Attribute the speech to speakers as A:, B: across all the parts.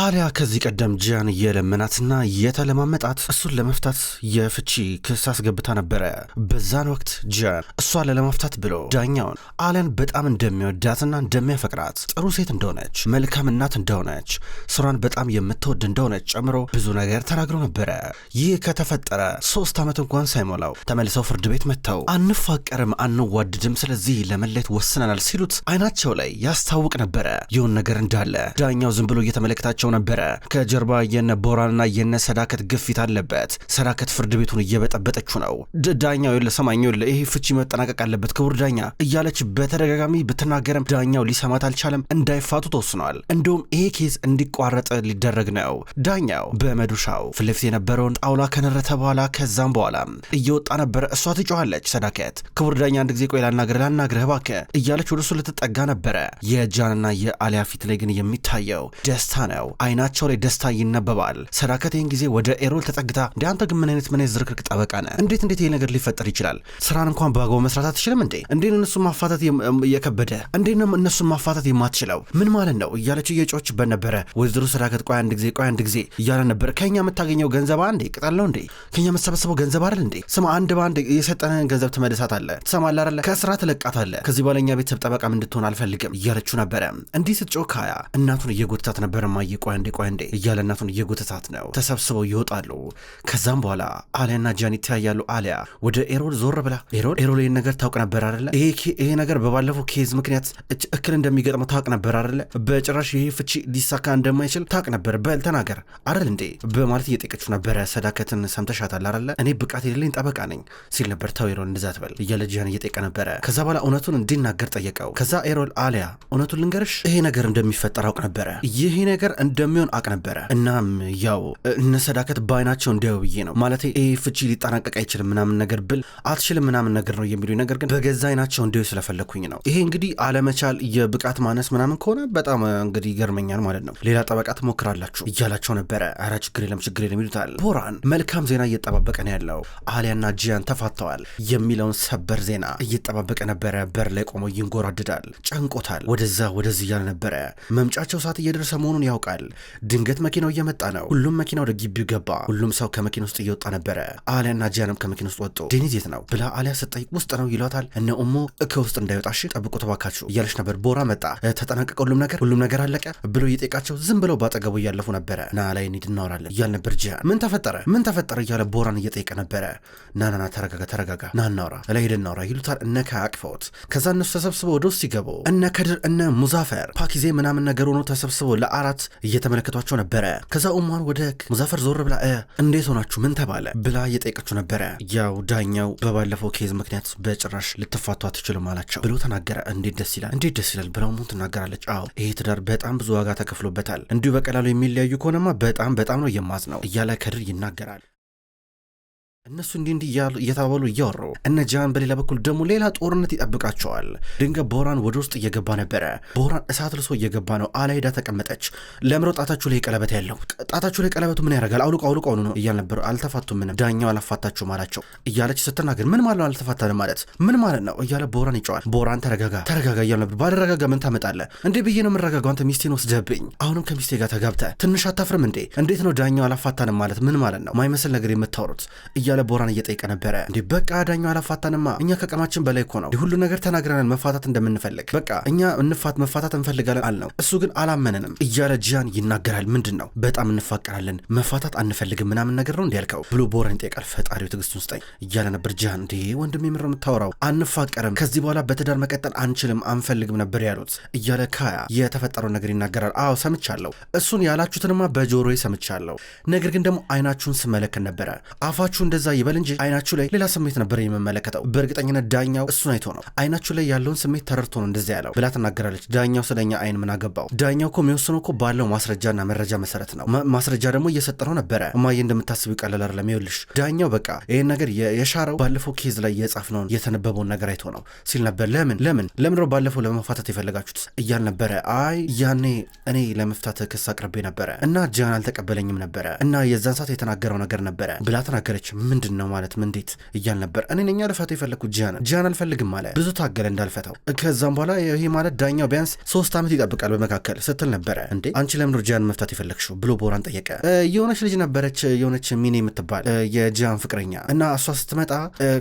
A: አሊያ ከዚህ ቀደም ጂያን የለመናትና የተለማመጣት እሱን ለመፍታት የፍቺ ክስ አስገብታ ነበረ። በዛን ወቅት ጂያን እሷን ለለማፍታት ብሎ ዳኛውን አሊያን በጣም እንደሚወዳትና እንደሚያፈቅራት፣ ጥሩ ሴት እንደሆነች፣ መልካም እናት እንደሆነች፣ ስራን በጣም የምትወድ እንደሆነች ጨምሮ ብዙ ነገር ተናግሮ ነበረ። ይህ ከተፈጠረ ሶስት ዓመት እንኳን ሳይሞላው ተመልሰው ፍርድ ቤት መጥተው አንፋቀርም፣ አንዋድድም፣ ስለዚህ ለመለየት ወስነናል ሲሉት አይናቸው ላይ ያስታውቅ ነበረ። ይሁን ነገር እንዳለ ዳኛው ዝም ብሎ እየተመለከታቸው እየተሰማቸው ነበረ። ከጀርባ የነ ቦራንና የነ ሰዳከት ግፊት አለበት። ሰዳከት ፍርድ ቤቱን እየበጠበጠችው ነው። ዳኛው የለ ሰማኝ የለ ይሄ ፍቺ መጠናቀቅ አለበት ክቡር ዳኛ እያለች በተደጋጋሚ ብትናገርም ዳኛው ሊሰማት አልቻለም። እንዳይፋቱ ተወስኗል። እንደውም ይሄ ኬዝ እንዲቋረጥ ሊደረግ ነው። ዳኛው በመዶሻው ፊት ለፊት የነበረውን ጣውላ ከነረተ በኋላ ከዛም በኋላ እየወጣ ነበረ። እሷ ትጮኋለች። ሰዳከት ክቡር ዳኛ አንድ ጊዜ ቆይ ላናግርህ ላናግርህ እባክህ እያለች ወደ እሱ ልትጠጋ ነበረ። የጃንና የአሊያ ፊት ላይ ግን የሚታየው ደስታ ነው። አይናቸው ላይ ደስታ ይነበባል። ሰዳከት ይህን ጊዜ ወደ ኤሮል ተጠግታ እንደ አንተ ግን ምን አይነት ምን ዝርክርክ ጠበቃ ነ እንዴት እንዴት ይሄ ነገር ሊፈጠር ይችላል? ስራን እንኳን በአግባቡ መስራት አትችልም እንዴ? እንዴት እነሱ ማፋታት የከበደ እንዴ ነው እነሱ ማፋታት የማትችለው ምን ማለት ነው? እያለች እየጮች በነበረ ወይዘሮ ሰዳከት ቆይ አንድ ጊዜ ቆይ አንድ ጊዜ እያለ ነበር። ከኛ የምታገኘው ገንዘብ አንዴ ቅጠል ነው እንዴ? ከኛ የምትሰበሰበው ገንዘብ አይደል እንዴ? ስማ አንድ በአንድ የሰጠንህን ገንዘብ አለ ትሰማለህ አይደለ? ከስራ አለ ከዚህ በኋላ እኛ ቤተሰብ ጠበቃም እንድትሆን አልፈልግም እያለችው ነበረ። እንዲህ ስትጮህ ካያ እናቱን እየጎትታት ነበር ማየቁ ቆይ አንዴ ቆይ አንዴ እያለ እናቱን እየጎተታት ነው። ተሰብስበው ይወጣሉ። ከዛም በኋላ አሊያና ጃን ይተያያሉ። አሊያ ወደ ኤሮል ዞር ብላ ኤሮል ኤሮል ይህን ነገር ታውቅ ነበር አደለ? ይሄ ነገር በባለፈው ኬዝ ምክንያት እክል እንደሚገጥመው ታውቅ ነበር አደለ? በጭራሽ ይሄ ፍቺ ሊሳካ እንደማይችል ታውቅ ነበር። በል ተናገር አደል እንዴ በማለት እየጠየቀችው ነበረ። ሰዳከትን ሰምተሻታል አደለ? እኔ ብቃት የሌለኝ ጠበቃ ነኝ ሲል ነበር። ተው ኤሮል እንደዛ ትበል እያለ ጃን እየጠየቀ ነበረ። ከዛ በኋላ እውነቱን እንዲናገር ጠየቀው። ከዛ ኤሮል አሊያ እውነቱን ልንገርሽ ይሄ ነገር እንደሚፈጠር አውቅ ነበረ ይሄ ነገር እንደሚሆን አቅ ነበረ። እናም ያው ሰዳከት በአይናቸው እንዲያው ብዬ ነው ማለት ይህ ፍቺ ሊጠናቀቅ አይችልም ምናምን ነገር ብል አትችልም ምናምን ነገር ነው የሚሉኝ ነገር ግን በገዛ አይናቸው እንዲሁ ስለፈለግኩኝ ነው። ይሄ እንግዲህ አለመቻል የብቃት ማነስ ምናምን ከሆነ በጣም እንግዲህ ይገርመኛል ማለት ነው። ሌላ ጠበቃ ትሞክራላችሁ እያላቸው ነበረ። ኧረ ችግር የለም ችግር የለም ይሉታል። ቦራን መልካም ዜና እየጠባበቀ ነው ያለው። አሊያና ጂያን ተፋተዋል የሚለውን ሰበር ዜና እየጠባበቀ ነበረ። በር ላይ ቆሞ ይንጎራድዳል። ጨንቆታል። ወደዛ ወደዚህ እያለ ነበረ። መምጫቸው ሰዓት እየደረሰ መሆኑን ያውቃል። ይገኛል። ድንገት መኪናው እየመጣ ነው። ሁሉም መኪና ወደ ግቢው ገባ። ሁሉም ሰው ከመኪና ውስጥ እየወጣ ነበረ። አሊያና ጂያንም ከመኪና ውስጥ ወጡ። ዴኒዝ የት ነው ብላ አሊያ ስጠይቅ ውስጥ ነው ይሏታል። እነ ኡሙ እከ ውስጥ እንዳይወጣሽ ጠብቁ ተባካችሁ እያለች ነበር። ቦራ መጣ። ተጠናቀቀ ሁሉም ነገር ሁሉም ነገር አለቀ ብሎ እየጠየቃቸው ዝም ብለው ባጠገቡ እያለፉ ነበረ። ና ላይ እንሂድ እናወራለን እያል ነበር። ጂያን ምን ተፈጠረ ምን ተፈጠረ እያለ ቦራን እየጠየቀ ነበረ። ናናና ተረጋጋ ተረጋጋ ና እናውራ ላይ ሄደን እናውራ ይሉታል። እነ አቅፈውት ከዛ እነሱ ተሰብስበው ወደ ውስጥ ሲገቡ እነ ከድር እነ ሙዛፈር ፓኪዜ ምናምን ነገር ሆኖ ተሰብስበው ለአራት እየተመለከቷቸው ነበረ። ከዛ ኡማን ወደ ሙዛፈር ዞር ብላ እንዴት ሆናችሁ ምን ተባለ ብላ እየጠየቀችው ነበረ። ያው ዳኛው በባለፈው ኬዝ ምክንያት በጭራሽ ልትፋቷ አትችልም አላቸው ብሎ ተናገረ። እንዴት ደስ ይላል፣ እንዴት ደስ ይላል ብለው ሙን ትናገራለች። አዎ ይሄ ትዳር በጣም ብዙ ዋጋ ተከፍሎበታል። እንዲሁ በቀላሉ የሚለያዩ ከሆነማ በጣም በጣም ነው የማዝ ነው እያለ ከድር ይናገራል። እነሱ እንዲህ እንዲህ እያሉ እየተባባሉ እያወሩ እነ ጃን በሌላ በኩል ደግሞ ሌላ ጦርነት ይጠብቃቸዋል። ድንገት ቦራን ወደ ውስጥ እየገባ ነበረ። ቦራን እሳት ልሶ እየገባ ነው። አላይዳ ተቀመጠች። ለምረው ጣታችሁ ላይ ቀለበት ያለው ጣታችሁ ላይ ቀለበቱ ምን ያደርጋል? አውልቁ አውልቁ አውሉ ነው እያል ነበር። አልተፋቱም፣ ምንም ዳኛው አላፋታችሁም አላቸው እያለች ስትናገር ምን ማለት ነው አልተፋታንም ማለት ምን ማለት ነው እያለ ቦራን ይጨዋል። ቦራን ተረጋጋ ተረጋጋ እያል ነበር። ባልረጋጋ ምን ታመጣለ እንዴ ብዬ ነው የምረጋጋው? አንተ ሚስቴን ወስደህብኝ አሁንም ከሚስቴ ጋር ተጋብተ ትንሽ አታፍርም እንዴ? እንዴት ነው ዳኛው አላፋታንም ማለት ምን ማለት ነው? ማይመስል ነገር የምታወሩት እያ እያለ ቦራን እየጠየቀ ነበረ። እንዲህ በቃ ዳኛ አላፋታንማ እኛ ከቀማችን በላይ እኮ ነው ሁሉ ነገር ተናግረናል፣ መፋታት እንደምንፈልግ በቃ እኛ እንፋት መፋታት እንፈልጋለን አልነው፣ እሱ ግን አላመነንም እያለ ጂያን ይናገራል። ምንድን ነው በጣም እንፋቀራለን መፋታት አንፈልግም ምናምን ነገር ነው እንዲያልከው ብሎ ቦራን ይጠይቃል። ፈጣሪው ትዕግስቱን ስጠኝ እያለ ነበር ጂያን። እንዴ ወንድም የምር የምታወራው አንፋቀርም፣ ከዚህ በኋላ በትዳር መቀጠል አንችልም፣ አንፈልግም ነበር ያሉት እያለ ካያ የተፈጠረው ነገር ይናገራል። አዎ ሰምቻለሁ፣ እሱን ያላችሁትንማ በጆሮዬ ሰምቻለሁ፣ ነገር ግን ደግሞ አይናችሁን ስመለከት ነበረ አፋችሁ እንደዚ ከዛ ይበል እንጂ አይናችሁ ላይ ሌላ ስሜት ነበር የምመለከተው። በእርግጠኝነት ዳኛው እሱን አይቶ ነው አይናችሁ ላይ ያለውን ስሜት ተረድቶ ነው እንደዚ ያለው ብላ ትናገራለች። ዳኛው ስለኛ አይን ምን አገባው? ዳኛው እኮ የሚወስነው እኮ ባለው ማስረጃና መረጃ መሰረት ነው። ማስረጃ ደግሞ እየሰጠ ነው ነበረ። እማዬ እንደምታስቡ ይቀለል አይደለም። ይኸውልሽ ዳኛው በቃ ይህን ነገር የሻረው ባለፈው ኬዝ ላይ የጻፍነውን የተነበበውን ነገር አይቶ ነው ሲል ነበር። ለምን ለምን ለምን ነው ባለፈው ለመፋታት የፈለጋችሁት እያል ነበረ። አይ ያኔ እኔ ለመፍታት ክስ አቅርቤ ነበረ እና ጃን አልተቀበለኝም ነበረ እና የዛን ሰዓት የተናገረው ነገር ነበረ ብላ ተናገረች። ምን ምንድን ነው ማለት ምን እንዴት እያል ነበር። እኔ ነኛ ልፈታው የፈለግኩት ጂያን ጂያን አልፈልግም አለ። ብዙ ታገለ እንዳልፈታው። ከዛም በኋላ ይሄ ማለት ዳኛው ቢያንስ ሶስት ዓመት ይጠብቃል በመካከል ስትል ነበረ። እንዴ አንቺ ለምኖር ጂያን መፍታት የፈለግሽው ብሎ ቦራን ጠየቀ። የሆነች ልጅ ነበረች የሆነች ሚኔ የምትባል የጂያን ፍቅረኛ እና እሷ ስትመጣ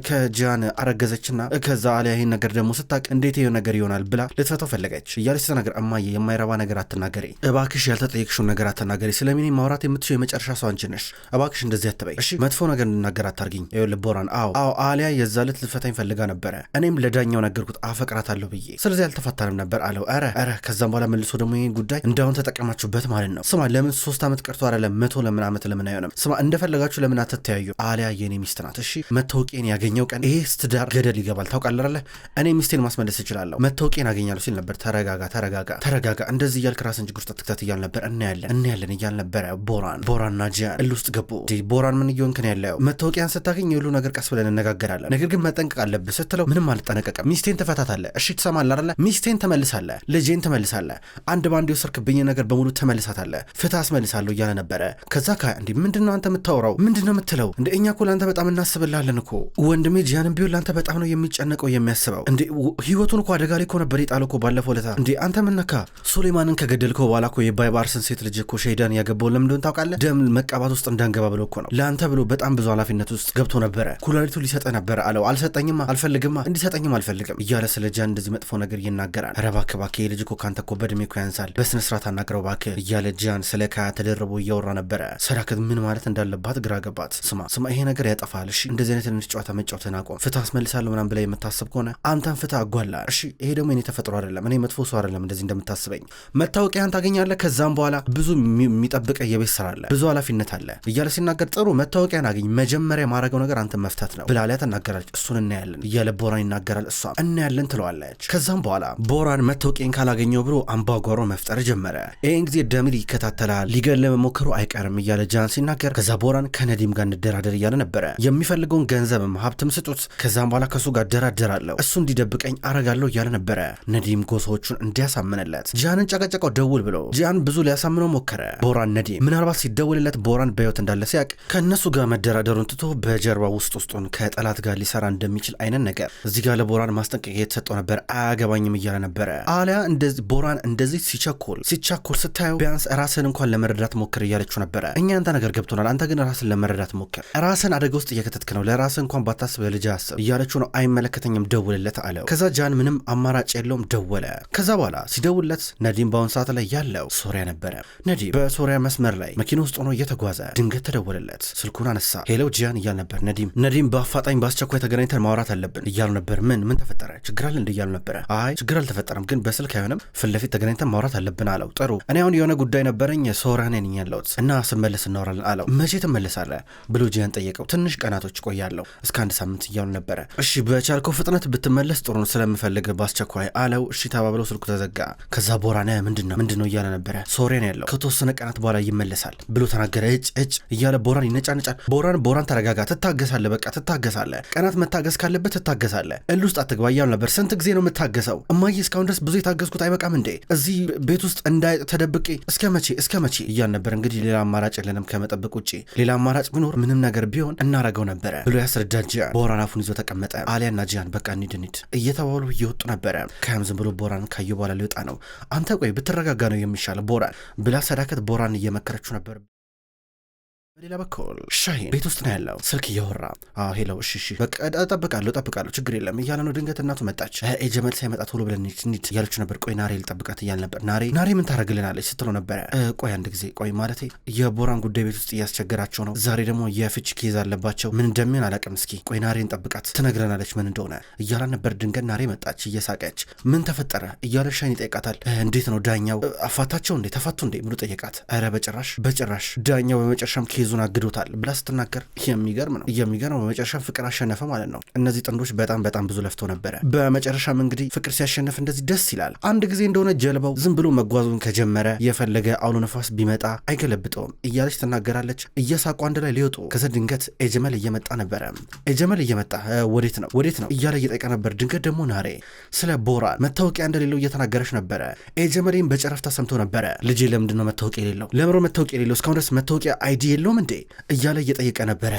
A: ከጂያን አረገዘችና ከዛ አሊያ ይሄን ነገር ደግሞ ስታቅ እንዴት ይሄ ነገር ይሆናል ብላ ልትፈታው ፈለገች እያለች ስትናገር እማዬ የማይረባ ነገር አትናገሪ እባክሽ፣ ያልተጠየቅሽውን ነገር አትናገሪ። ስለሚኔ ማውራት የምትሽው የመጨረሻ ሰው አንቺ ነሽ። እባክሽ እንደዚህ አትበይ እሺ መጥፎ ነገር እንድናገር አታርጊኝ። ልቦናን አዎ አዎ፣ አሊያ የዛ ዕለት ልትፈታኝ ፈልጋ ነበረ። እኔም ለዳኛው ነገርኩት አፈቅራታለሁ ብዬ፣ ስለዚህ አልተፋታንም ነበር አለው። ኧረ ኧረ። ከዛም በኋላ መልሶ ደግሞ ይህን ጉዳይ እንዳሁን ተጠቀማችሁበት ማለት ነው። ስማ ለምን ሶስት ዓመት ቀርቶ አይደለም መቶ ለምን ዓመት ለምን አይሆንም? ስማ እንደፈለጋችሁ ለምን አትተያዩ? አሊያ የኔ ሚስት ናት። እሺ መታወቂያን ያገኘው ቀን ይሄ ስትዳር ገደል ይገባል። ታውቃለህ፣ እኔ ሚስቴን ማስመለስ እችላለሁ። መታወቂያን አገኛለሁ ሲል ነበር። ተረጋጋ ተረጋጋ ተረጋጋ፣ እንደዚህ እያልክ ራስን ችግር ውስጥ አትክተት እያል ነበር። እናያለን እናያለን እያል ነበረ። ቦራን ቦራንና ጂያን እል ውስጥ ገቡ። ቦራን ምን እየሆንክ ነው ያለው መታወቂያን ስታገኝ የሁሉ ነገር ቀስ ብለን እነጋገራለን፣ ነገር ግን መጠንቀቅ አለብህ ስትለው ምንም አልጠነቀቀም። ሚስቴን ትፈታታለህ፣ እሺ ትሰማለህ አይደለ? ሚስቴን ትመልሳለህ፣ ልጄን ትመልሳለህ፣ አንድ ባንድ የወሰድክብኝ ነገር በሙሉ ትመልሳታለህ፣ ፍትህ አስመልሳለሁ እያለ ነበረ። ከዛ ከ እንዲ ምንድነው አንተ የምታወራው ምንድነው የምትለው? እንደ እኛ እኮ ለአንተ በጣም እናስብላለን እኮ ወንድሜ ጂያንም ቢሆን ለአንተ በጣም ነው የሚጨነቀው የሚያስበው። እንዴ ህይወቱን እኮ አደጋ ላይ እኮ ነበር የጣለው እኮ ባለፈው ለታ። እንዴ አንተ ምነካ ሱሌማንን ከገደልከው በኋላ እኮ የባይ ባርሰን ሴት ልጅ እኮ ሸሂዳን ያገባውን ለምንድን ታውቃለህ? ደም መቀባት ውስጥ እንዳንገባ ብሎ እኮ ነው ለአንተ ብሎ በጣም ብዙ ኃላፊነት ኃላፊነት ውስጥ ገብቶ ነበረ። ኩላሊቱ ሊሰጠ ነበረ አለው። አልሰጠኝማ፣ አልፈልግማ፣ እንዲሰጠኝም አልፈልግም እያለ ስለ ጃን እንደዚህ መጥፎ ነገር ይናገራል። ኧረ እባክህ እባክህ የልጅ እኮ ካንተ እኮ በእድሜ እኮ ያንሳል፣ በስነ ስርዓት አናግረው እባክህ እያለ ጃን ስለ ካያ ተደርቦ እያወራ ነበረ። ሰዳከት ምን ማለት እንዳለባት ግራ ገባት። ስማ ስማ፣ ይሄ ነገር ያጠፋል። እሺ እንደዚህ አይነት ትንሽ ጨዋታ መጫወትን አቆም። ፍትህ አስመልሳለሁ ምናም ብላ የምታስብ ከሆነ አንተን ፍትህ አጓላ። እሺ ይሄ ደግሞ እኔ ተፈጥሮ አይደለም፣ እኔ መጥፎ ሰው አይደለም እንደዚህ እንደምታስበኝ። መታወቂያን ታገኛለህ። ከዛም በኋላ ብዙ የሚጠብቀ የቤት ስራ አለ፣ ብዙ ኃላፊነት አለ እያለ ሲናገር ጥሩ መታወቂያን አገኝ መጀመ መጀመሪያ የማረገው ነገር አንተ መፍታት ነው ብላሊያ ትናገራለች። እሱን እናያለን እያለ ቦራን ይናገራል። እሷም እናያለን ትለዋለች። ከዛም በኋላ ቦራን መታወቂያን ካላገኘው ብሎ አምባጓሮ መፍጠር ጀመረ። ይህን ጊዜ ደሚር ይከታተላል። ሊገለ መሞከሩ አይቀርም እያለ ጃን ሲናገር፣ ከዛ ቦራን ከነዲም ጋር እንደራደር እያለ ነበረ። የሚፈልገውን ገንዘብም ሀብትም ስጡት፣ ከዛም በኋላ ከሱ ጋር ደራደራለሁ፣ እሱ እንዲደብቀኝ አረጋለሁ እያለ ነበረ። ነዲም ጎሳዎቹን እንዲያሳምንለት ጃንን ጨቀጨቀው። ደውል ብሎ ጃን ብዙ ሊያሳምነው ሞከረ። ቦራን ነዲም ምናልባት ሲደውልለት ቦራን በህይወት እንዳለ ሲያቅ ከእነሱ ጋር መደራደሩን አምጥቶ በጀርባ ውስጥ ውስጡን ከጠላት ጋር ሊሰራ እንደሚችል አይነት ነገር እዚህ ጋር ለቦራን ማስጠንቀቂያ የተሰጠው ነበር። አያገባኝም እያለ ነበረ። አሊያ ቦራን እንደዚህ ሲቸኮል ሲቸኮል ስታየው ቢያንስ ራስን እንኳን ለመረዳት ሞክር እያለችው ነበረ። እኛ አንተ ነገር ገብቶናል፣ አንተ ግን ራስን ለመረዳት ሞክር። ራስን አደጋ ውስጥ እየከተትክ ነው። ለራስ እንኳን ባታስብ ልጅ አስብ እያለችው ነው። አይመለከተኝም ደውልለት አለው። ከዛ ጃን ምንም አማራጭ የለውም ደወለ። ከዛ በኋላ ሲደውልለት ነዲም በአሁኑ ሰዓት ላይ ያለው ሶሪያ ነበረ። ነዲም በሶሪያ መስመር ላይ መኪና ውስጥ ሆኖ እየተጓዘ ድንገት ተደወለለት። ስልኩን አነሳ። ሄለው ጂ ጂያን እያል ነበር ነዲም ነዲም በአፋጣኝ በአስቸኳይ ተገናኝተን ማውራት አለብን እያሉ ነበር። ምን ምን ተፈጠረ ችግር አለ እንደ እያሉ ነበረ። አይ ችግር አልተፈጠረም፣ ግን በስልክ አይሆንም፣ ፊት ለፊት ተገናኝተን ማውራት አለብን አለው። ጥሩ እኔ አሁን የሆነ ጉዳይ ነበረኝ ሶራኔ ነኝ ያለሁት እና ስመለስ እናወራለን አለው። መቼ ትመለሳለ? ብሎ ጂያን ጠየቀው። ትንሽ ቀናቶች ቆያለሁ እስከ አንድ ሳምንት እያሉ ነበረ። እሺ በቻልከው ፍጥነት ብትመለስ ጥሩ ነው ስለምፈልግ በአስቸኳይ አለው። እሺ ተባብለው ስልኩ ተዘጋ። ከዛ ቦራነ ምንድን ነው ምንድን ነው እያለ ነበረ። ሶሬን ያለው ከተወሰነ ቀናት በኋላ ይመለሳል ብሎ ተናገረ። እጭ እጭ እያለ ቦራን ይነጫነጫል። ቦራን ቦራን ተረጋጋ፣ ትታገሳለ፣ በቃ ትታገሳለ። ቀናት መታገስ ካለበት ትታገሳለ። እልህ ውስጥ አትግባ እያሉ ነበር። ስንት ጊዜ ነው የምታገሰው? እማዬ እስካሁን ድረስ ብዙ የታገስኩት አይበቃም እንዴ? እዚህ ቤት ውስጥ እንዳይ ተደብቄ እስከ መቼ እስከ መቼ እያል ነበር። እንግዲህ ሌላ አማራጭ የለንም ከመጠበቅ ውጭ። ሌላ አማራጭ ቢኖር ምንም ነገር ቢሆን እናረገው ነበረ ብሎ ያስረዳን ጂያን። ቦራን አፉን ይዞ ተቀመጠ። አሊያና ጂያን በቃ ኒድ ኒድ እየተባሉ እየወጡ ነበረ። ከያም ዝም ብሎ ቦራን ካየ በኋላ ሊወጣ ነው። አንተ ቆይ ብትረጋጋ ነው የሚሻለው ቦራን ብላ ሰዳከት ቦራን እየመከረችው ነበር። በሌላ በኩል ሻሂን ቤት ውስጥ ነው ያለው። ስልክ እየወራ ሄሎ፣ እሺ፣ እሺ፣ በቃ እጠብቃለሁ፣ እጠብቃለሁ፣ ችግር የለም እያለ ነው። ድንገት እናቱ መጣች። ጀመል ሳይመጣ ቶሎ ብለን እንሂድ እያለች ነበር። ቆይ ናሬ ልጠብቃት እያል ነበር። ናሬ ናሬ ምን ታደርግልናለች ስትለው ነበረ። ቆይ አንድ ጊዜ ቆይ፣ ማለቴ የቦራን ጉዳይ ቤት ውስጥ እያስቸገራቸው ነው። ዛሬ ደግሞ የፍች ኬዝ አለባቸው። ምን እንደሚሆን አላውቅም። እስኪ ቆይ ናሬን ጠብቃት፣ ትነግረናለች ምን እንደሆነ እያላን ነበር። ድንገት ናሬ መጣች እየሳቀች። ምን ተፈጠረ እያለ ሻሂን ይጠይቃታል። እንዴት ነው ዳኛው? አፋታቸው እንዴ? ተፋቱ እንዴ? ብሎ ጠየቃት። ኧረ በጭራሽ በጭራሽ ዳኛው በመጨረሻም ኬዝ ኬዙን አግዶታል ብላ ስትናገር የሚገርም ነው የሚገርም። በመጨረሻም ፍቅር አሸነፈ ማለት ነው። እነዚህ ጥንዶች በጣም በጣም ብዙ ለፍቶ ነበረ። በመጨረሻም እንግዲህ ፍቅር ሲያሸነፍ እንደዚህ ደስ ይላል። አንድ ጊዜ እንደሆነ ጀልባው ዝም ብሎ መጓዙን ከጀመረ የፈለገ አውሎ ነፋስ ቢመጣ አይገለብጠውም እያለች ትናገራለች። እየሳቁ አንድ ላይ ሊወጡ ከዚ ድንገት ኤጀመል እየመጣ ነበረ። ኤጀመል እየመጣ ወዴት ነው ወዴት ነው እያለ እየጠየቀ ነበር። ድንገት ደግሞ ናሬ ስለ ቦራን መታወቂያ እንደሌለው እየተናገረች ነበረ። ኤጀመሌም በጨረፍታ ሰምቶ ነበረ። ልጄ ለምንድነው መታወቂያ የሌለው ለምሮ መታወቂያ የሌለው እስካሁን ድረስ መታወቂያ አይዲ የለውም አታውቀውም እንዴ እያለ እየጠየቀ ነበረ።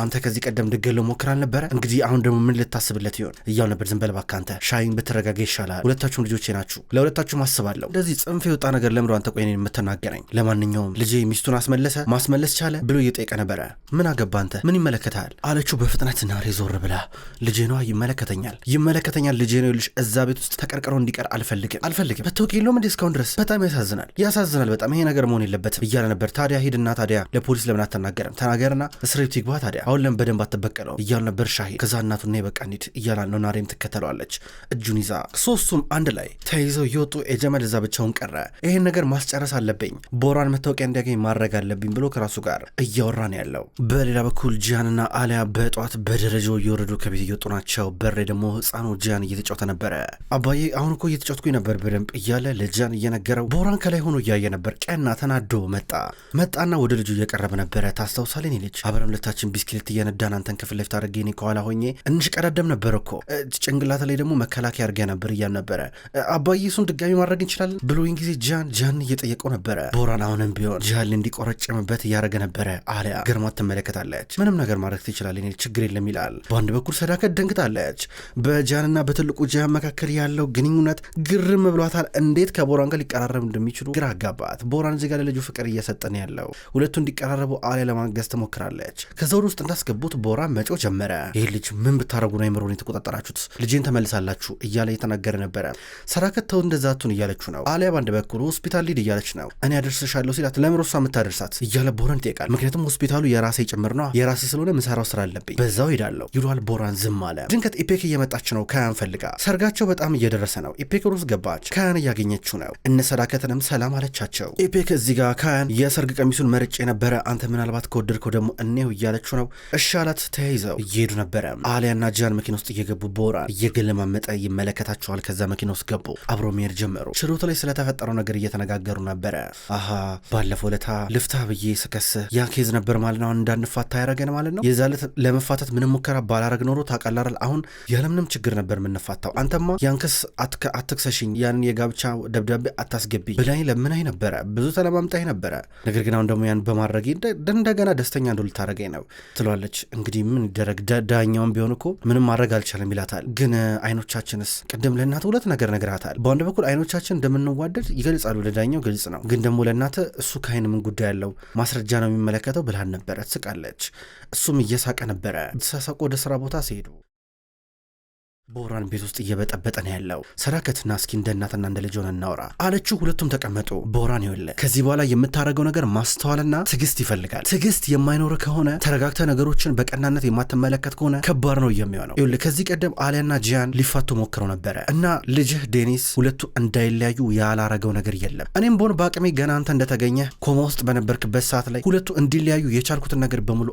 A: አንተ ከዚህ ቀደም ድገለ ሞክር አልነበረ? እንግዲህ አሁን ደግሞ ምን ልታስብለት ይሆን እያው ነበር። ዝም በል እባክህ አንተ ሻይን ብትረጋጋ ይሻላል። ሁለታችሁም ልጆቼ ናችሁ፣ ለሁለታችሁም አስባለሁ። እንደዚህ ጽንፍ የወጣ ነገር ለምዶ አንተ ቆይ እኔን የምትናገረኝ? ለማንኛውም ልጄ ሚስቱን አስመለሰ ማስመለስ ቻለ ብሎ እየጠየቀ ነበረ። ምን አገባ አንተ ምን ይመለከታል አለችው በፍጥነት ናሬ ዞር ብላ። ልጄ ነዋ ይመለከተኛል፣ ይመለከተኛል ልጄ ነው ልሽ እዛ ቤት ውስጥ ተቀርቅሮ እንዲቀር አልፈልግም፣ አልፈልግም። በታወቂ የለውም እንዴ እስካሁን ድረስ በጣም ያሳዝናል፣ ያሳዝናል። በጣም ይሄ ነገር መሆን የለበትም እያለ ነበር። ታዲያ ሂድና ታዲያ ለፖሊስ ለምን አትናገርም? ተናገርና እስር ቤቱ ይግባ። ታዲያ አሁን ለምን በደንብ አትበቀለውም? እያሉ ነበር ሻሂድ። ከዛ እናቱ ና የበቃ እንሂድ እያላ ነው። ናሬም ትከተለዋለች እጁን ይዛ። ሶስቱም አንድ ላይ ተይዘው የወጡ። የጀመል እዛ ብቻውን ቀረ። ይሄን ነገር ማስጨረስ አለብኝ፣ ቦራን መታወቂያ እንዲያገኝ ማድረግ አለብኝ ብሎ ከራሱ ጋር እያወራ ነው ያለው። በሌላ በኩል ጂያንና አሊያ በጠዋት በደረጃው እየወረዱ ከቤት እየወጡ ናቸው። በሬ ደግሞ ህፃኑ ጂያን እየተጫወተ ነበረ። አባዬ አሁን እኮ እየተጫወትኩኝ ነበር በደንብ እያለ ለጂያን እየነገረው፣ ቦራን ከላይ ሆኖ እያየ ነበር። ቀና ተናዶ መጣ መጣና ወደ ልጁ እየቀረበ ነበር ነበረ ታስታውሳለን? እኔ ልጅ አብረን ሁለታችን ቢስክሌት እየነዳን አንተን ከፊት ለፊት አድርጌ እኔ ከኋላ ሆኜ እንሽቀዳደም ነበር እኮ ጭንቅላት ላይ ደግሞ መከላከያ አድርገህ ነበር እያል ነበረ አባዬ እሱን ድጋሚ ማድረግ እንችላለን ብሎኝ ጊዜ ጃን ጃን እየጠየቀው ነበረ። ቦራን አሁንም ቢሆን ጃን እንዲቆረጭምበት እያደረገ ነበረ። አሊያ ግርማት ትመለከታለች። ምንም ነገር ማድረግ ትችላለን ችግር የለም ይላል። በአንድ በኩል ሰዳከት ደንግጣለች። በጃንና በትልቁ ጃን መካከል ያለው ግንኙነት ግርም ብሏታል። እንዴት ከቦራን ጋር ሊቀራረብ እንደሚችሉ ግራ አጋባት። ቦራን እዚህ ጋር ለልጁ ፍቅር እየሰጠን ያለው ሁለቱ እንዲቀራረቡ አሊያ ለማንገዝ ትሞክራለች። ከዘውድ ውስጥ እንዳስገቡት ቦራ መጮ ጀመረ። ይህ ልጅ ምን ብታደረጉ ነው የምሮን የተቆጣጠራችሁት? ልጄን ተመልሳላችሁ እያለ እየተናገረ ነበረ። ሰራከት ተው እንደዛቱን እያለችው ነው። አሊያ ባንድ በኩል ሆስፒታል ሊድ እያለች ነው። እኔ አደርስሻለሁ ሲላት ለምሮ እሷ የምታደርሳት እያለ ቦራን ይጠይቃል። ምክንያቱም ሆስፒታሉ የራሴ ጭምር ነ የራሴ ስለሆነ ምሰራው ስራ አለብኝ፣ በዛው ሄዳለሁ ይሏል። ቦራን ዝም አለ። ድንገት ኢፔክ እየመጣች ነው ከያን ፈልጋ። ሰርጋቸው በጣም እየደረሰ ነው። ኢፔክ ሩስ ገባች። ከያን እያገኘችው ነው። እነ ሰዳከትንም ሰላም አለቻቸው። ኢፔክ እዚህ ጋር ከያን የሰርግ ቀሚሱን መርጬ ነበረ አንተ ምናልባት ከወደድከው ደግሞ እኔው እያለችው ነው። እሺ አላት። ተያይዘው እየሄዱ ነበረ። አሊያና ጃን መኪና ውስጥ እየገቡ ቦራን እየገለማመጠ ይመለከታቸዋል። ከዛ መኪና ውስጥ ገቡ። አብሮ መሄድ ጀመሩ። ችሎት ላይ ስለተፈጠረው ነገር እየተነጋገሩ ነበረ። አሀ ባለፈው ለታ ልፍታ ብዬ ስከስ ያ ኬዝ ነበር ማለት ነው። እንዳንፋታ ያረገን ማለት ነው። የዛ ዕለት ለመፋታት ምንም ሙከራ ባላረግ ኖሮ ታቀላራል። አሁን ያለምንም ችግር ነበር የምንፋታው። አንተማ ያን ክስ አትክሰሽኝ፣ ያንን የጋብቻ ደብዳቤ አታስገቢ ብላኝ ለምናኝ ነበረ፣ ብዙ ተለማምጣኝ ነበረ። ነገር ግን አሁን ደግሞ ያን በማድረግ እንደገና ደስተኛ እንደ ልታደረገኝ ነው ትለዋለች። እንግዲህ ምን ይደረግ ዳኛውን ቢሆን እኮ ምንም ማድረግ አልቻለም ይላታል። ግን አይኖቻችንስ ቅድም ለእናተ ሁለት ነገር ነግራታል። በአንድ በኩል አይኖቻችን እንደምንዋደድ ይገልጻሉ። ለዳኛው ግልጽ ነው። ግን ደግሞ ለእናተ እሱ ከአይን ምን ጉዳይ ያለው ማስረጃ ነው የሚመለከተው ብልሃን ነበረ። ትስቃለች። እሱም እየሳቀ ነበረ። ተሳሳቁ ወደ ስራ ቦታ ሲሄዱ ቦራን ቤት ውስጥ እየበጠበጠ ነው ያለው። ሰራከትና እስኪ እንደ እናትና እንደ ልጅ ሆነ እናውራ አለችው። ሁለቱም ተቀመጡ። ቦራን ይወለ ከዚህ በኋላ የምታደርገው ነገር ማስተዋልና ትዕግስት ይፈልጋል። ትዕግስት የማይኖር ከሆነ ተረጋግተ ነገሮችን በቀናነት የማትመለከት ከሆነ ከባድ ነው የሚሆነው። ይወለ ከዚህ ቀደም አሊያና ጂያን ሊፋቱ ሞክረው ነበረ እና ልጅህ ዴኒስ ሁለቱ እንዳይለያዩ ያላረገው ነገር የለም። እኔም በሆን በአቅሜ ገና አንተ እንደተገኘ ኮማ ውስጥ በነበርክበት ሰዓት ላይ ሁለቱ እንዲለያዩ የቻልኩትን ነገር በሙሉ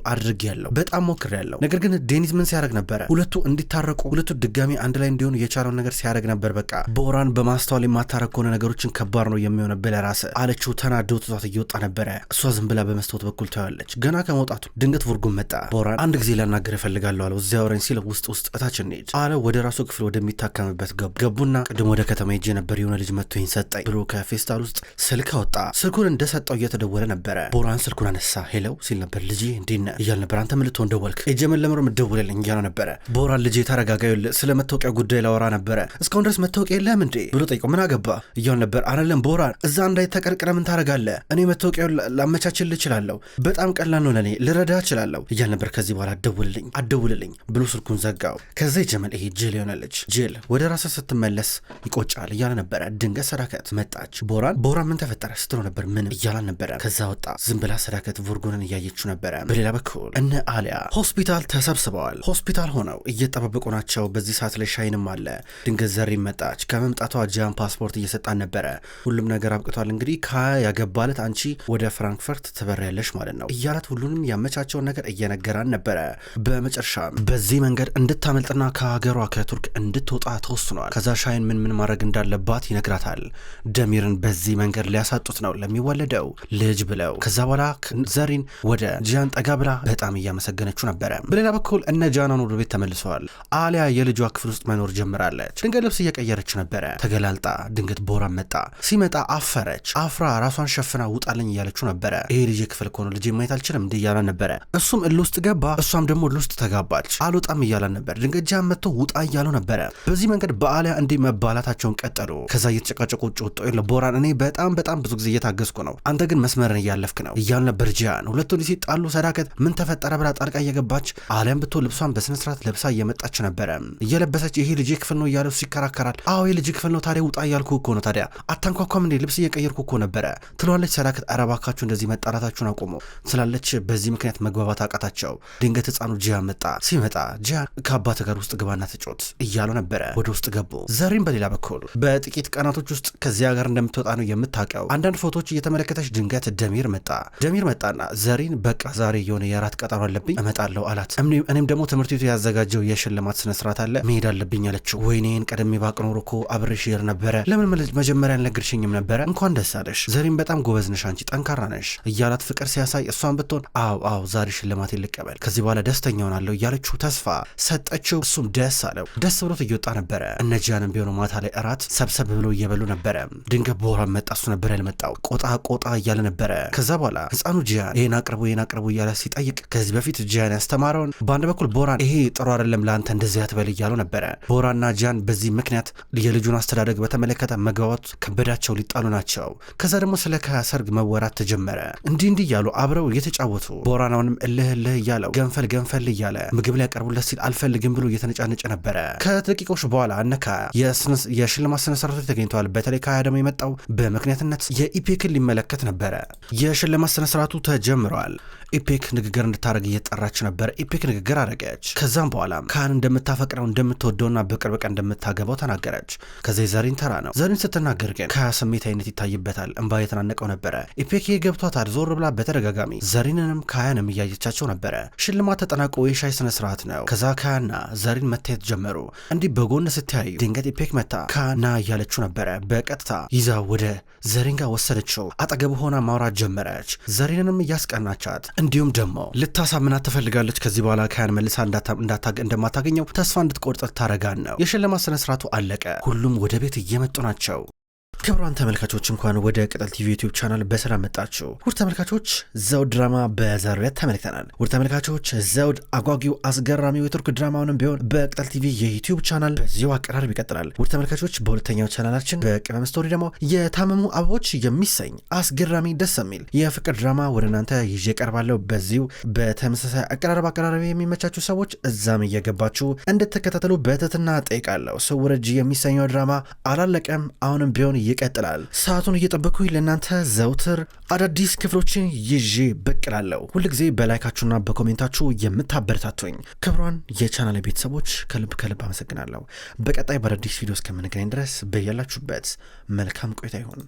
A: ያለው በጣም ያለው ነገር ግን ዴኒስ ምን ሲያደርግ ነበረ? ሁለቱ እንዲታረቁ ሁለቱ ድጋ ድጋሚ አንድ ላይ እንዲሆኑ የቻለውን ነገር ሲያደርግ ነበር። በቃ ቦራን በማስተዋል የማታረግ ከሆነ ነገሮችን ከባድ ነው የሚሆነብህ ራስ አለችው። ተናደው ትቷት እየወጣ ነበረ። እሷ ዝም ብላ በመስታወት በኩል ታያለች። ገና ከመውጣቱ ድንገት ቮርጉም መጣ። ቦራን አንድ ጊዜ ላናገር እፈልጋለሁ አለው። እዚያ ወረኝ ሲል ውስጥ ውስጥ እታች እንሂድ አለ። ወደ ራሱ ክፍል ወደሚታከምበት ገቡ። ገቡና ቅድም ወደ ከተማ ሄጄ ነበር የሆነ ልጅ መጥቶኝ ሰጠኝ ብሎ ከፌስታል ውስጥ ስልክ አወጣ። ስልኩን እንደሰጠው እየተደወለ ነበረ። ቦራን ስልኩን አነሳ። ሄለው ሲል ነበር። ልጄ እንዴት ነህ እያል ነበር። አንተ ምልቶ እንደወልክ የጀመን ለምሮ ምደውልልኝ እያለ ነበረ። ቦራን ልጄ ተረጋጋ፣ ስለ ስለ መታወቂያ ጉዳይ ላወራ ነበረ። እስካሁን ድረስ መታወቂያ የለም እንዴ ብሎ ጠይቆ ምን አገባ እያውን ነበር። አለም ቦራን እዛ እንዳይተቀርቅረ ምን ታደረጋለ? እኔ መታወቂያውን ላመቻችል እችላለሁ። በጣም ቀላል ነው ለእኔ፣ ልረዳ እችላለሁ እያል ነበር። ከዚህ በኋላ አደውልልኝ አደውልልኝ ብሎ ስልኩን ዘጋው። ከዚህ ጀመል ይሄ ጅል ይሆናለች ጅል ወደ ራሷ ስትመለስ ይቆጫል እያለ ነበረ። ድንገት ሰዳከት መጣች። ቦራን ቦራን ምን ተፈጠረ ስትለው ነበር። ምንም እያላን ነበረ። ከዛ ወጣ። ዝም ብላ ሰዳከት ቮርጎንን እያየችው ነበረ። በሌላ በኩል እነ አሊያ ሆስፒታል ተሰብስበዋል። ሆስፒታል ሆነው እየጠባበቁ ናቸው። በዚህ ሰዓት ላይ ሻይንም አለ። ድንገት ዘሪ መጣች። ከመምጣቷ ጃን ፓስፖርት እየሰጣን ነበረ። ሁሉም ነገር አብቅቷል። እንግዲህ ያገባለት አንቺ ወደ ፍራንክፈርት ትበሪያለሽ ማለት ነው እያላት ሁሉንም ያመቻቸውን ነገር እየነገራን ነበረ። በመጨረሻ በዚህ መንገድ እንድታመልጥና ከሀገሯ ከቱርክ እንድትወጣ ተወስኗል። ከዛ ሻይን ምን ምን ማድረግ እንዳለባት ይነግራታል። ደሚርን በዚህ መንገድ ሊያሳጡት ነው ለሚወለደው ልጅ ብለው። ከዛ በኋላ ዘሪን ወደ ጃን ጠጋ ብላ በጣም እያመሰገነችው ነበረ። በሌላ በኩል እነ ጃናን ወደ ቤት ተመልሰዋል። አሊያ የልጇ ክፍል ውስጥ መኖር ጀምራለች። ድንገት ልብስ እየቀየረች ነበረ። ተገላልጣ ድንገት ቦራ መጣ። ሲመጣ አፈረች። አፍራ ራሷን ሸፍና ውጣልኝ እያለችው ነበረ። ይሄ ልጅ ክፍል ከሆነ ልጅ ማየት አልችልም እንዲ እያላን ነበረ። እሱም እል ውስጥ ገባ። እሷም ደግሞ እል ውስጥ ተጋባች። አልወጣም እያላን ነበር። ድንገት ጃን መጥቶ ውጣ እያለው ነበረ። በዚህ መንገድ በአሊያ እንዲህ መባላታቸውን ቀጠሉ። ከዛ እየተጨቃጨቁ ውጭ ወጥቶ የለ ቦራን እኔ በጣም በጣም ብዙ ጊዜ እየታገዝኩ ነው፣ አንተ ግን መስመርን እያለፍክ ነው እያሉ ነበር ጃን። ሁለቱ ሲጣሉ ሰዳከት ምን ተፈጠረ ብላ ጣልቃ እየገባች አሊያም ብቶ ልብሷን በስነስርዓት ለብሳ እየመጣች ነበረ የለበሰች ይሄ ልጅ ክፍል ነው እያለ እሱ ይከራከራል። አዎ የልጄ ክፍል ነው ታዲያ ውጣ እያልኩ እኮ ነው ታዲያ አታንኳኳም እንዴ ልብስ እየቀየርኩ እኮ ነበረ ትሏለች ሰዳከት ኧረ እባካችሁ እንደዚህ መጣላታችሁን አቁሙ ስላለች በዚህ ምክንያት መግባባት አቃታቸው። ድንገት ህፃኑ ጂያን መጣ። ሲመጣ ጂያን ከአባት ጋር ውስጥ ግባና ተጮት እያለው ነበረ። ወደ ውስጥ ገቡ። ዘሪን በሌላ በኩል በጥቂት ቀናቶች ውስጥ ከዚያ ጋር እንደምትወጣ ነው የምታውቀው። አንዳንድ ፎቶዎች እየተመለከተች ድንገት ደሚር መጣ። ደሚር መጣና ዘሪን በቃ ዛሬ የሆነ የራት ቀጠሮ አለብኝ እመጣለሁ አላት። እኔም ደግሞ ትምህርት ቤቱ ያዘጋጀው የሽልማት ስነስርዓት አለ መሄድ አለብኝ አለችው። ወይኔን ቀደሜ ባቅ ኖሮ እኮ አብርሽ ይሄድ ነበረ። ለምን መጀመሪያ አልነገርሽኝም ነበረ? እንኳን ደስ አለሽ ዘሬም፣ በጣም ጎበዝ ነሽ አንቺ፣ ጠንካራ ነሽ እያላት ፍቅር ሲያሳይ እሷን ብትሆን አው አው ዛሬ ሽልማት ልቀበል፣ ከዚህ በኋላ ደስተኛ ሆናለሁ እያለችው ተስፋ ሰጠችው። እሱም ደስ አለው። ደስ ብሎት እየወጣ ነበረ። እነጃንም ቢሆኑ ማታ ላይ እራት ሰብሰብ ብሎ እየበሉ ነበረ። ድንገት ቦራ መጣ። እሱ ነበር ያልመጣው። ቆጣ ቆጣ እያለ ነበረ። ከዛ በኋላ ህፃኑ ጂያን ይህን አቅርቡ ይህን አቅርቡ እያለ ሲጠይቅ ከዚህ በፊት ጂያን ያስተማረውን በአንድ በኩል ቦራን ይሄ ጥሩ አይደለም ለአንተ እንደዚያ ትበል እያለ እየጣሉ ነበረ። ቦራና ጃን በዚህ ምክንያት የልጁን አስተዳደግ በተመለከተ መግባባት ከበዳቸው ሊጣሉ ናቸው። ከዛ ደግሞ ስለ ከያ ሰርግ መወራት ተጀመረ። እንዲህ እንዲህ እያሉ አብረው እየተጫወቱ ቦራናውንም እልህ እልህ እያለው ገንፈል ገንፈል እያለ ምግብ ላይ ሲል አልፈልግም ብሎ እየተነጫነጨ ነበረ። ከደቂቆች በኋላ እነ ካያ የሽልማት ስነስርዓቶች ተገኝተዋል። በተለይ ከያ ደግሞ የመጣው በምክንያትነት የኢፔክን ሊመለከት ነበረ። የሽልማት ስነስርዓቱ ተጀምረዋል። ኢፔክ ንግግር እንድታደረግ እየጠራች ነበር። ኢፔክ ንግግር አደረገች። ከዛም በኋላ ካህን እንደምታፈቅረው እንደምትወደውና በቅርብ ቀን እንደምታገባው ተናገረች። ከዚህ ዘሪን ተራ ነው። ዘሪን ስትናገር ግን ከያ ስሜት አይነት ይታይበታል። እንባ የተናነቀው ነበረ። ኢፔክ ገብቷታል። ዞር ብላ በተደጋጋሚ ዘሪንንም ካያንም እያየቻቸው ነበረ። ሽልማት ተጠናቆ የሻይ ስነ ስርዓት ነው። ከዛ ካያና ዘሪን መታየት ጀመሩ። እንዲህ በጎን ስትያዩ ድንገት ኢፔክ መታ ካና እያለችው ነበረ። በቀጥታ ይዛ ወደ ዘሪን ጋር ወሰደችው። አጠገብ ሆና ማውራት ጀመረች። ዘሪንንም እያስቀናቻት እንዲሁም ደግሞ ልታሳምናት ትፈልጋለች። ከዚህ በኋላ ካያን መልሳ እንደማታገኘው ተስፋ እንድትቆርጥ ታረጋን ነው። የሽልማት ስነ አለቀ። ሁሉም ወደ ቤት እየመጡ ናቸው። ክብሯን ተመልካቾች እንኳን ወደ ቅጠል ቲቪ ዩቲዩብ ቻናል በሰላም መጣችሁ። ውድ ተመልካቾች ዘውድ ድራማ በዛሬው ዕለት ተመልክተናል። ውድ ተመልካቾች ዘውድ አጓጊው አስገራሚው የቱርክ ድራማውንም ቢሆን በቅጠል ቲቪ የዩቲዩብ ቻናል በዚሁ አቀራረብ ይቀጥላል። ውድ ተመልካቾች በሁለተኛው ቻናላችን በቅመም ስቶሪ ደግሞ የታመሙ አበቦች የሚሰኝ አስገራሚ ደስ የሚል የፍቅር ድራማ ወደ እናንተ ይዤ ቀርባለሁ። በዚሁ በተመሳሳይ አቀራረብ አቀራረቢ የሚመቻችሁ ሰዎች እዛም እየገባችሁ እንድትከታተሉ በትህትና ጠይቃለሁ። ስውር እጅ የሚሰኘው ድራማ አላለቀም። አሁንም ቢሆን ይቀጥላል። ሰዓቱን እየጠበኩኝ ለእናንተ ዘውትር አዳዲስ ክፍሎችን ይዤ ብቅ እላለሁ። ሁልጊዜ በላይካችሁና በኮሜንታችሁ የምታበረታቱኝ ክብሯን የቻናል ቤተሰቦች ከልብ ከልብ አመሰግናለሁ። በቀጣይ በአዳዲስ ቪዲዮ እስከምንገናኝ ድረስ በያላችሁበት መልካም ቆይታ ይሁን።